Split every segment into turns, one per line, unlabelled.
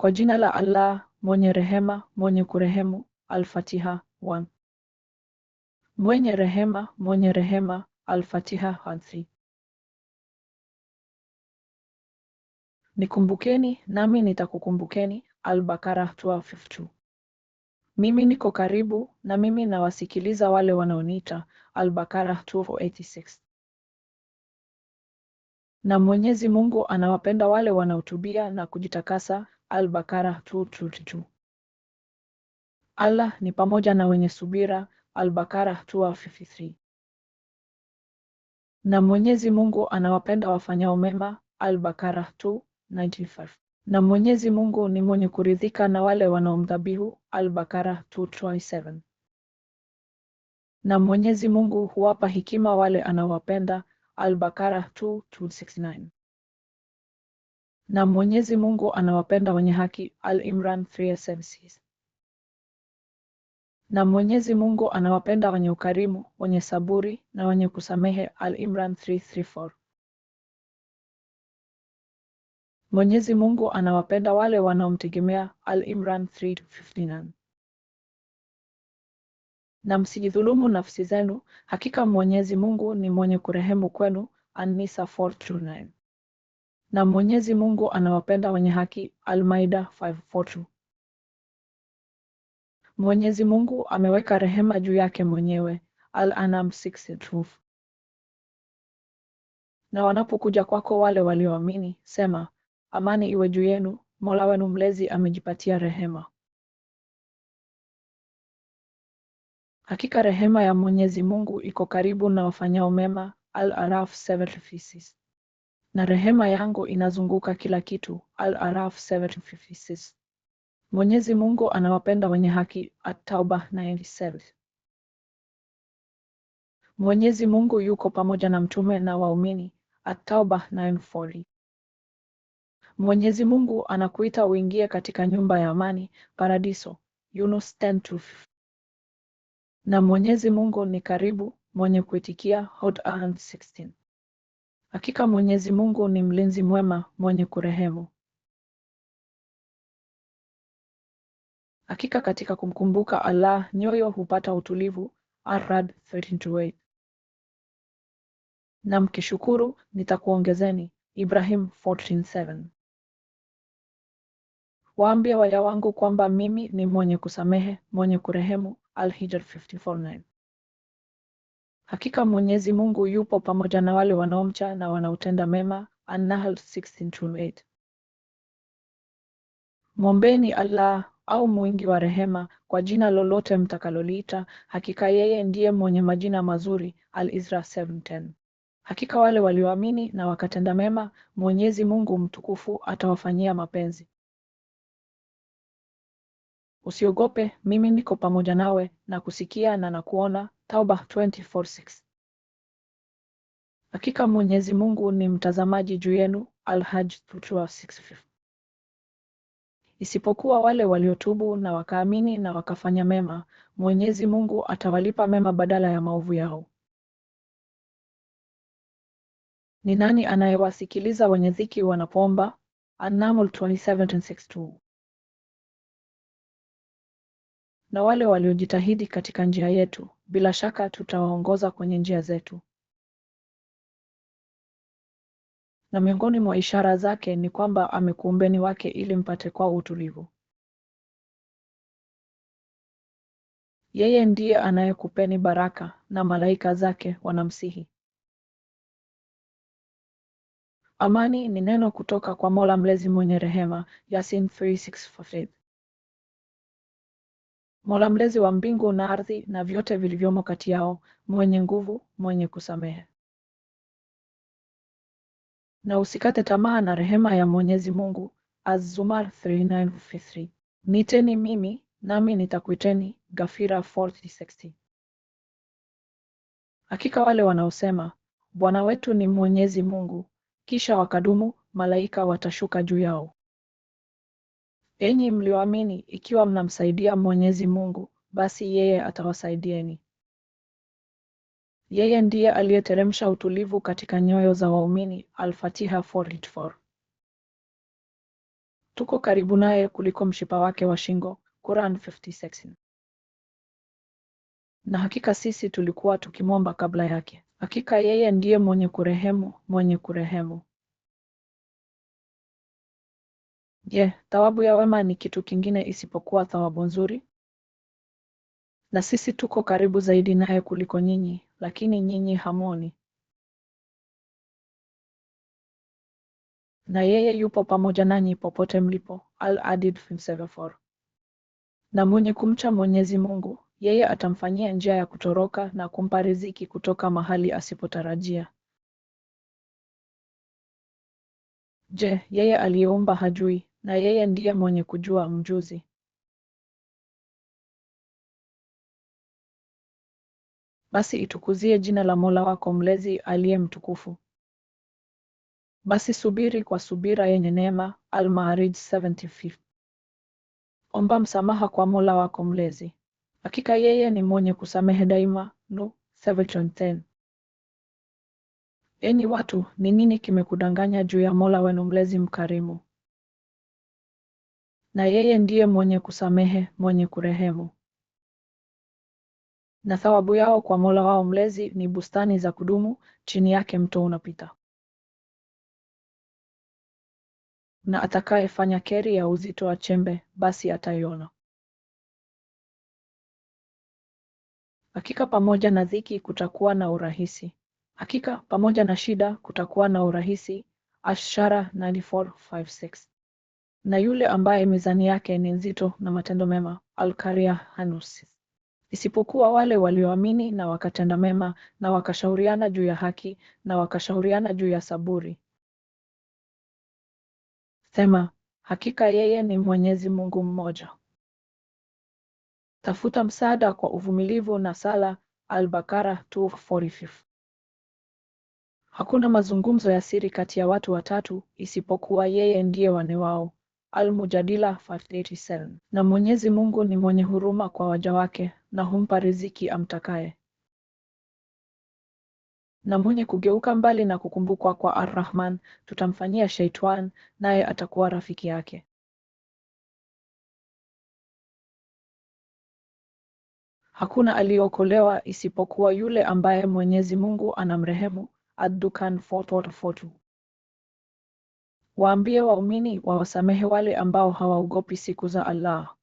Kwa jina la Allah mwenye rehema mwenye kurehemu. Al-Fatiha 1. Mwenye rehema mwenye rehema. Al-Fatiha Nikumbukeni nami nitakukumbukeni. Al-Baqarah 252. Mimi niko karibu na mimi nawasikiliza wale wanaoniita. Al-Baqarah 286. Na Mwenyezi Mungu anawapenda wale wanaotubia na kujitakasa Al-Baqarah 222. Allah ni pamoja na wenye subira Al-Baqarah 253. Na Mwenyezi Mungu anawapenda wafanyao mema Al-Baqarah 295. Na Mwenyezi Mungu ni mwenye kuridhika na wale wanaomdhabihu Al-Baqarah 227. Na Mwenyezi Mungu huwapa hekima wale anawapenda Al-Baqarah 269 na Mwenyezi Mungu anawapenda wenye haki. Al-Imran na Mwenyezi Mungu anawapenda wenye ukarimu, wenye saburi na wenye kusamehe. Al-Imran 3:34 Mwenyezi Mungu anawapenda wale wanaomtegemea. Al-Imran 3:59 na msijidhulumu nafsi zenu, hakika Mwenyezi Mungu ni mwenye kurehemu kwenu. An-Nisa 4:29 na Mwenyezi Mungu anawapenda wenye haki. Al-Maida 5:42. Mwenyezi Mungu ameweka rehema juu yake mwenyewe. Al-An'am 6:2. Na wanapokuja kwako wale walioamini, sema amani iwe juu yenu, Mola wenu mlezi amejipatia rehema. Hakika rehema ya Mwenyezi Mungu iko karibu na wafanyao mema. Al-Araf 7:56 na rehema yangu inazunguka kila kitu. Al-Araf 7:56. Mwenyezi Mungu anawapenda wenye haki. At-Tauba 97. Mwenyezi Mungu yuko pamoja na mtume na waumini. At-Tauba 9:40. Mwenyezi Mungu anakuita uingie katika nyumba ya amani, paradiso. Yunus 10:2. Na Mwenyezi Mungu ni karibu, mwenye kuitikia. Hud 16. Hakika Mwenyezi Mungu ni mlinzi mwema mwenye kurehemu. Hakika katika kumkumbuka Allah nyoyo hupata utulivu. Arad 13:8. Na mkishukuru nitakuongezeni. Ibrahim 14:7. Waambie waja wangu kwamba mimi ni mwenye kusamehe, mwenye kurehemu. Al-Hijr 54:9. Hakika Mwenyezi Mungu yupo pamoja na wale wanaomcha na wanaotenda mema. An-Nahl 16:8. Mwombeni Allah au mwingi wa rehema kwa jina lolote mtakaloliita, hakika yeye ndiye mwenye majina mazuri. Al-Isra 7:10. Hakika wale walioamini na wakatenda mema, Mwenyezi Mungu mtukufu atawafanyia mapenzi. Usiogope, mimi niko pamoja nawe, na kusikia na nakuona. Tauba 24:6. Hakika Mwenyezi Mungu ni mtazamaji juu yenu. Al-Hajj Isipokuwa wale waliotubu na wakaamini na wakafanya mema, Mwenyezi Mungu atawalipa mema badala ya maovu yao. Ni nani anayewasikiliza wenye dhiki wanapoomba? An-Naml 27:62 na wale waliojitahidi katika njia yetu, bila shaka tutawaongoza kwenye njia zetu. Na miongoni mwa ishara zake ni kwamba amekuumbeni wake ili mpate kwao utulivu. Yeye ndiye anayekupeni baraka na malaika zake wanamsihi. Amani ni neno kutoka kwa Mola mlezi mwenye rehema, Yasin 36 faith. Mola mlezi wa mbingu na ardhi na vyote vilivyomo kati yao, mwenye nguvu, mwenye kusamehe. Na usikate tamaa na rehema ya Mwenyezi Mungu. Az-Zumar 39:3 Niteni mimi nami nitakuiteni. Ghafira 40:60 Hakika wale wanaosema Bwana wetu ni Mwenyezi Mungu, kisha wakadumu, malaika watashuka juu yao Enyi mlioamini, ikiwa mnamsaidia Mwenyezi Mungu, basi yeye atawasaidieni. Yeye ndiye aliyeteremsha utulivu katika nyoyo za waumini. Al-Fatiha 484. Tuko karibu naye kuliko mshipa wake wa shingo. Quran 56. Na hakika sisi tulikuwa tukimwomba kabla yake. Hakika yeye ndiye mwenye kurehemu, mwenye kurehemu. Je, thawabu ya wema ni kitu kingine isipokuwa thawabu nzuri? Na sisi tuko karibu zaidi naye kuliko nyinyi, lakini nyinyi hamwoni. Na yeye yupo pamoja nanyi popote mlipo. al adid 574. Na mwenye kumcha Mwenyezi Mungu, yeye atamfanyia njia ya kutoroka na kumpa riziki kutoka mahali asipotarajia. Je, yeye aliyeumba hajui na yeye ndiye mwenye kujua, mjuzi. Basi itukuzie jina la Mola wako Mlezi aliye mtukufu. Basi subiri kwa subira yenye neema. Al-Ma'arij 75. Omba msamaha kwa Mola wako Mlezi, hakika yeye ni mwenye kusamehe daima. No 710. Enyi watu, ni nini kimekudanganya juu ya Mola wenu Mlezi mkarimu? na yeye ndiye mwenye kusamehe mwenye kurehemu. Na thawabu yao kwa Mola wao Mlezi ni bustani za kudumu, chini yake mto unapita. Na atakayefanya keri ya uzito wa chembe, basi ataiona. Hakika pamoja na dhiki kutakuwa na urahisi. Hakika pamoja na shida kutakuwa na urahisi. Ashara 94:56 na yule ambaye mizani yake ni nzito na matendo mema Alkariahanusi. Isipokuwa wale walioamini na wakatenda mema na wakashauriana juu ya haki na wakashauriana juu ya saburi. Sema, hakika yeye ni Mwenyezi Mungu mmoja. Tafuta msaada kwa uvumilivu na sala al 2:45. Hakuna mazungumzo ya siri kati ya watu watatu isipokuwa yeye ndiye wane wao. Al-Mujadila Na Mwenyezi Mungu ni mwenye huruma kwa waja wake na humpa riziki amtakaye na mwenye kugeuka mbali na kukumbukwa kwa Ar-Rahman tutamfanyia shaitwan naye atakuwa rafiki yake. Hakuna aliyokolewa isipokuwa yule ambaye Mwenyezi Mungu anamrehemu. Ad-Dukan 442 Waambie waumini wawasamehe wale ambao hawaogopi siku za Allah.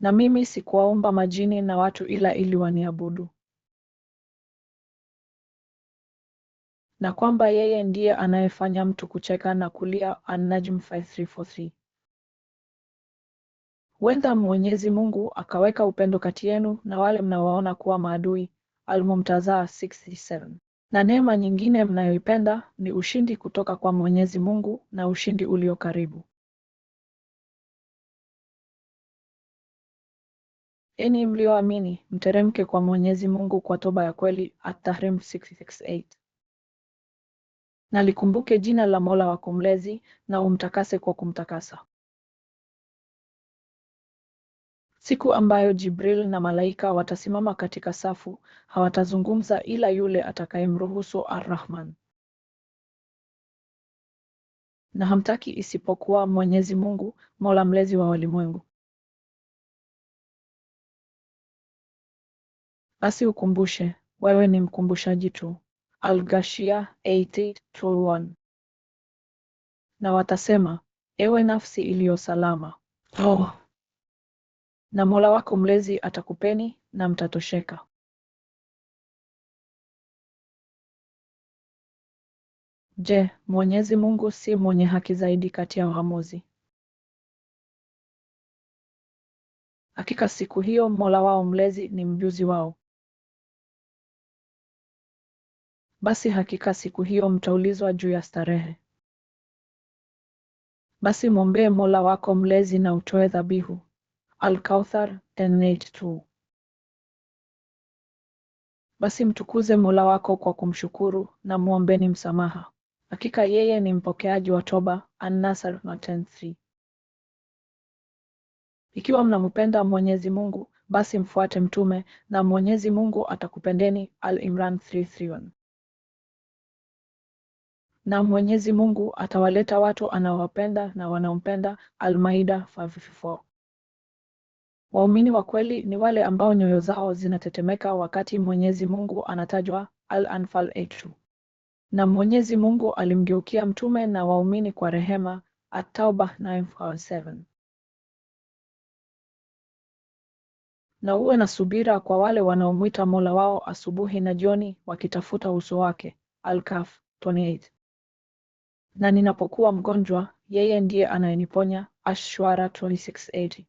Na mimi sikuwaumba majini na watu ila ili waniabudu. Na kwamba yeye ndiye anayefanya mtu kucheka na kulia An-Najm 5343. Huenda Mwenyezi Mungu akaweka upendo kati yenu na wale mnaowaona kuwa maadui Al-Mumtazaa 67. Na neema nyingine mnayoipenda ni ushindi kutoka kwa Mwenyezi Mungu na ushindi ulio karibu. Enyi mlioamini, mteremke kwa Mwenyezi Mungu kwa toba ya kweli. At-Tahrim 66:8. Na likumbuke jina la Mola wako Mlezi na umtakase kwa kumtakasa. Siku ambayo Jibril na malaika watasimama katika safu, hawatazungumza ila yule atakayemruhusu Ar-Rahman. Na hamtaki isipokuwa Mwenyezi Mungu, Mola mlezi wa walimwengu. Basi ukumbushe, wewe ni mkumbushaji tu. Al-Ghashiyah 80:1 Na watasema, ewe nafsi iliyo salama. Oh. Na Mola wako Mlezi atakupeni na mtatosheka Je, Mwenyezi Mungu si mwenye haki zaidi kati ya waamuzi? Hakika siku hiyo Mola wao Mlezi ni mjuzi wao. Basi hakika siku hiyo mtaulizwa juu ya starehe. Basi mwombee Mola wako Mlezi na utoe dhabihu. Alkauthar 10:2 Basi mtukuze Mola wako kwa kumshukuru na mwombeni msamaha. Hakika yeye ni mpokeaji wa toba. An-Nasr 10:3 Ikiwa mnampenda Mwenyezi Mungu, basi mfuate Mtume na Mwenyezi Mungu atakupendeni. Al-Imran 3:31 na Mwenyezi Mungu atawaleta watu anaowapenda na wanaompenda. almaida 554. Waumini wa kweli ni wale ambao nyoyo zao zinatetemeka wakati Mwenyezi Mungu anatajwa Al-Anfal etu. Na Mwenyezi Mungu alimgeukia mtume na waumini kwa rehema At-Tauba 9:7. Na uwe na subira kwa wale wanaomwita Mola wao asubuhi na jioni wakitafuta uso wake Al-Kahf 28. Na ninapokuwa mgonjwa, yeye ndiye anayeniponya Ash-Shuara 26:80.